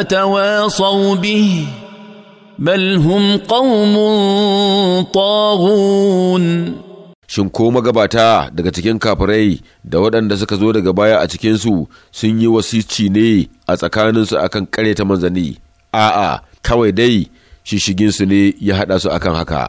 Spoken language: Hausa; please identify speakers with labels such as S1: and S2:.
S1: اتواصوا به بل هم قوم طاغون
S2: shin ko magabata daga cikin kafirai da waɗanda suka zo daga baya a cikinsu sun yi wasici ne a tsakaninsu a kan ƙare ta manzanni a'a kawai dai shishiginsu ne ya haɗa su akan haka